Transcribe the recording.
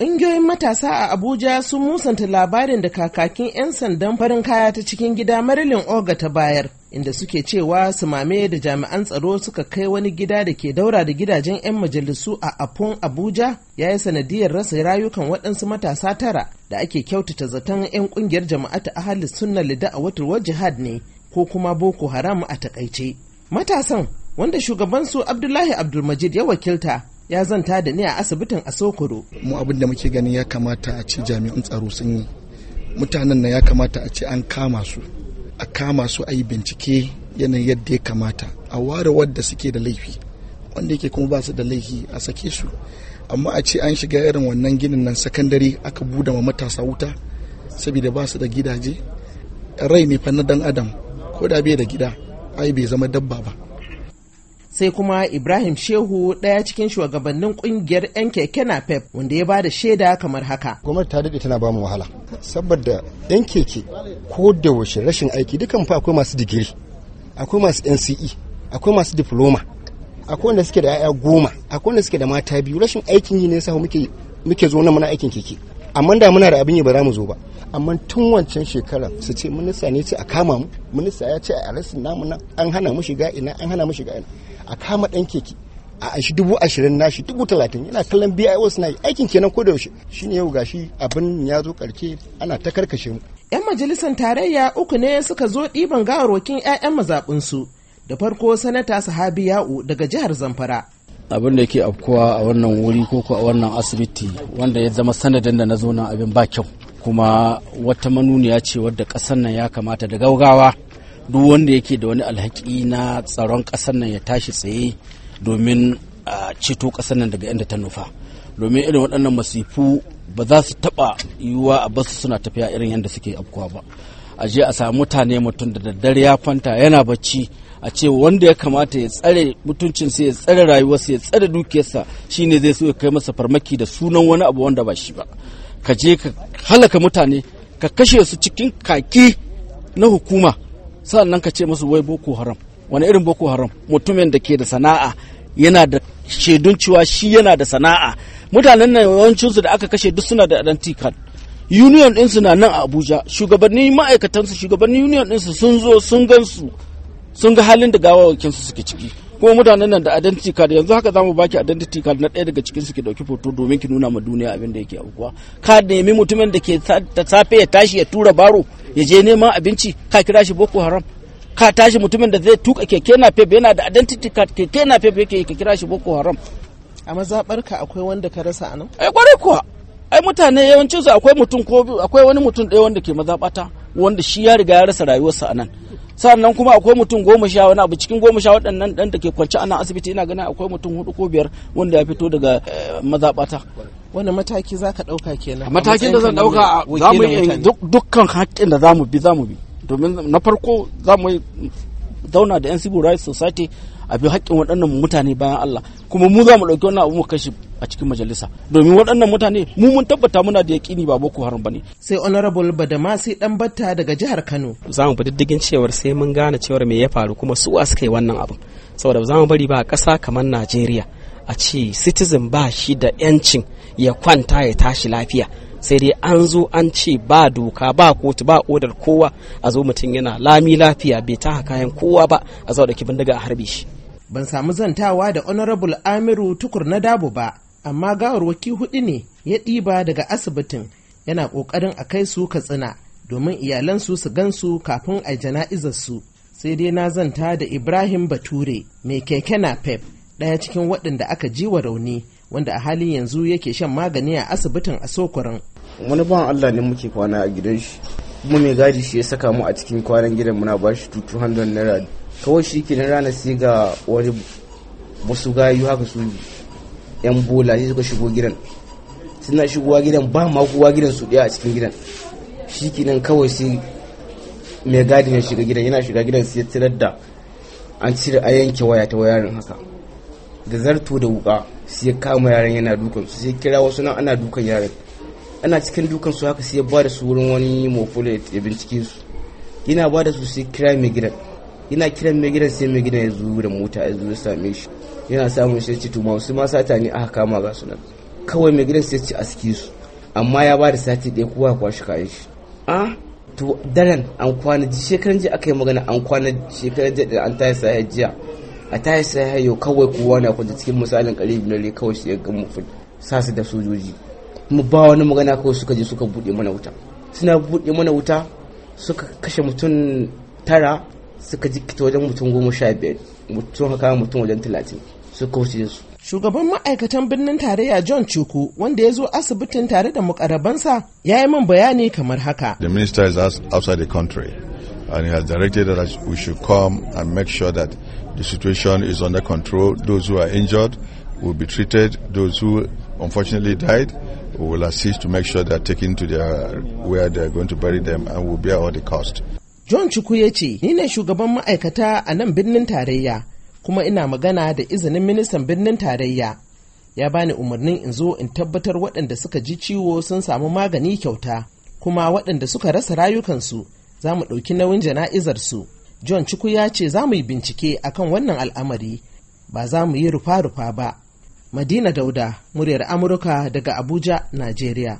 Ƙungiyoyin matasa a Abuja sun musanta labarin da kakakin 'yan sandan farin kaya ta cikin gida Marilyn Oga ta bayar, inda suke cewa sumame da jami'an tsaro suka kai wani gida da ke daura da gidajen 'yan majalisu a Afon Abuja ya yi sanadiyar rasa rayukan waɗansu matasa tara da ake kyautata zaton 'yan ƙungiyar ta ahalis sunna lida a watarwar jihad ne ko kuma Boko Haram a takaice. Matasan wanda shugabansu Abdullahi Abdulmajid ya wakilta ya zanta da ni a asibitin a Sokoro. Mu abin da muke gani ya kamata a ce jami'an tsaro sun yi. Mutanen na ya kamata a ce an kama su. A kama su a yi bincike yanayin yadda ya kamata. A ware wadda suke da laifi. Wanda yake kuma ba su da laifi a sake su. Amma a ce an shiga irin wannan ginin nan sakandare aka buɗe ma matasa wuta. Saboda ba su da gidaje. Rai ne fa na dan Adam. Ko da bai da gida. Ai bai zama dabba ba. sai kuma ibrahim shehu ɗaya cikin shugabannin kungiyar 'yan keke na pep wanda ya bada shaida kamar haka gwamnati ta daɗe tana bamu wahala saboda 'yan keke ko da washe rashin aiki dukan fa akwai masu digiri akwai masu nce akwai masu diploma akwai wanda suke da 'ya'ya goma akwai wanda suke da mata biyu rashin aikin yi ne sa muke muke zo na muna aikin keke amma da muna da abin yi ba za mu zo ba amma tun wancan shekarar su ce minista ne ce a kama mu minista ya ce a arrestin namu an hana mu shiga ina an hana mu shiga ina a kama dan keke a shi dubu ashirin nashi dubu talatin yana kallon BIOS na aikin kenan ko da yaushe shine yau gashi abin ya zo karke ana ta karkashe mu yan majalisar tarayya uku ne suka zo ɗiban gawarwakin 'ya'yan mazaɓinsu da farko sanata sahabi ya'u daga jihar zamfara abin da ke afkuwa a wannan wuri ko a wannan asibiti wanda ya zama sanadin da na zo nan abin ba kyau kuma wata manuniya ce wadda ƙasar nan ya kamata da gaugawa duk wanda yake da wani alhaki na tsaron ƙasar nan ya tashi tsaye domin a ceto ƙasar nan daga inda ta nufa domin irin waɗannan masifu ba za su taɓa yiwuwa a basu suna tafiya irin yadda suke afkuwa ba a je a samu mutane mutum da daddare ya kwanta yana bacci a ce wanda ya kamata ya tsare mutuncinsa ya tsare rayuwarsa ya tsare dukiyarsa shine zai so ya kai masa farmaki da sunan wani abu wanda ba shi ba ka je ka halaka mutane ka kashe su cikin kaki na hukuma sannan ka ce masu wai boko haram wani irin boko haram mutumin da ke da sana'a yana da shaidun cewa shi yana da sana'a mutanen nan yawancinsu da aka kashe duk suna da identity card union ɗinsu na nan a abuja shugabanni ma'aikatansu shugabannin union ɗinsu sun zo sun gansu sun ga halin da su suke ciki kuma mutanen nan da identity card yanzu haka zamu baki identity card na ɗaya daga cikin su ke dauki foto domin ki nuna ma duniya abin da yake aukuwa ka nemi mutumin da ke ta safe ya tashi ya tura baro ya je neman abinci ka kira shi boko haram ka tashi mutumin da zai tuka keke na fef yana da identity card keke na fef yake ka kira shi boko haram a mazabarka akwai wanda ka rasa anan ai kwarai kuwa ai mutane yawancin su akwai mutum ko akwai wani mutum ɗaya wanda ke mazabata wanda shi ya riga ya rasa rayuwarsa anan sannan kuma akwai mutum goma sha wani abu cikin goma sha waɗannan ɗan da ke kwance anan asibiti ina ganin akwai mutum hudu ko biyar wanda ya fito daga eh, mazaɓata wani mataki za ka ɗauka kenan matakin da zan ɗauka za mu yi dukkan haƙƙin da za mu bi za mu bi domin na farko za mu zauna da yan civil rights society a bi haƙƙin waɗannan mutane bayan Allah kuma mu za mu ɗauki wannan abu mu kashi a cikin majalisa domin waɗannan mutane mu mun tabbata muna da yaƙini ba boko haram bane sai honorable badamasi dan batta daga jihar Kano za mu diddigin cewar sai mun gane cewar me ya faru kuma su suka yi wannan abin saboda ba za mu bari ba a ƙasa kamar Najeriya a ce citizen ba shi da 'yancin ya kwanta ya tashi lafiya sai dai an zo an ce ba doka ba kotu ba odar kowa a zo mutum yana lami lafiya bai taha kayan kowa ba a zo da kibin daga a harbe shi ban samu zantawa da honorable amiru tukur na Dabu ba amma gawarwaki hudu ne ya ɗiba daga asibitin yana ƙoƙarin a kai su katsina domin iyalansu su gansu kafin a jana'izarsu, sai dai na zanta da ibrahim bature mai keke na pep ɗaya cikin waɗanda aka ji wa rauni wanda a halin yanzu yake shan magani a asibitin a sokorin. wani ban allah ne muke kwana a gidan shi kuma mai gadi shi ya saka mu a cikin kwanan gidan muna ba shi 200 naira kawai shi kenan rana sai ga wani wasu gayu haka su yan bola sai suka shigo gidan suna shigowa gidan ba ma kowa gidan su ɗaya a cikin gidan shi kenan kawai sai mai gadi ya shiga gidan yana shiga gidan sai ya tirar da an cire a yanke waya ta wayarin haka da zarto da wuka sai ya kama yaran yana dukan su sai kira wasu nan ana dukan yaran ana cikin dukan su haka sai ya ba da su wurin wani mofula ya bincike su yana ba da su sai kira mai gidan yana kiran mai gidan sai mai gidan ya zo da mota ya zo ya same shi yana samun shi ce tuma su ma sata ne aka kama ga su nan kawai mai gidan sai ce a sike su amma ya ba da sati ɗaya kowa ya kwashi kayan shi a to daren an kwana shekaran jiya aka yi magana an kwana shekaran jiya da an taya sa jiya a ta yi sai hayo kawai kowa na kwanta cikin misalin karibi na kawai su ya ga mu sa su da sojoji mu ba wani magana kawai suka je suka buɗe mana wuta suna buɗe mana wuta suka kashe mutum tara suka jikita wajen mutum goma sha biyar mutum haka mutum wajen talatin suka wuce su shugaban ma'aikatan birnin tarayya john chuku wanda ya zo asibitin tare da mukarabansa ya yi min bayani kamar haka the minister is outside the country and he has directed that we should come and make sure that the situation is under control. Those who are injured will be treated. Those who unfortunately died will assist to make sure they are taken to their where they are going to bury them and will bear all the cost. John Chukwu ya ce, Ni ne shugaban ma'aikata a nan birnin tarayya, kuma ina magana da izinin ministan birnin tarayya. Ya bani umarnin in zo in tabbatar waɗanda suka ji ciwo sun samu magani kyauta, kuma waɗanda suka rasa rayukansu za mu ɗauki nauyin su john ciku ya ce za mu yi bincike akan wannan al'amari ba za mu yi rufa-rufa ba madina dauda muryar amurka daga abuja najeriya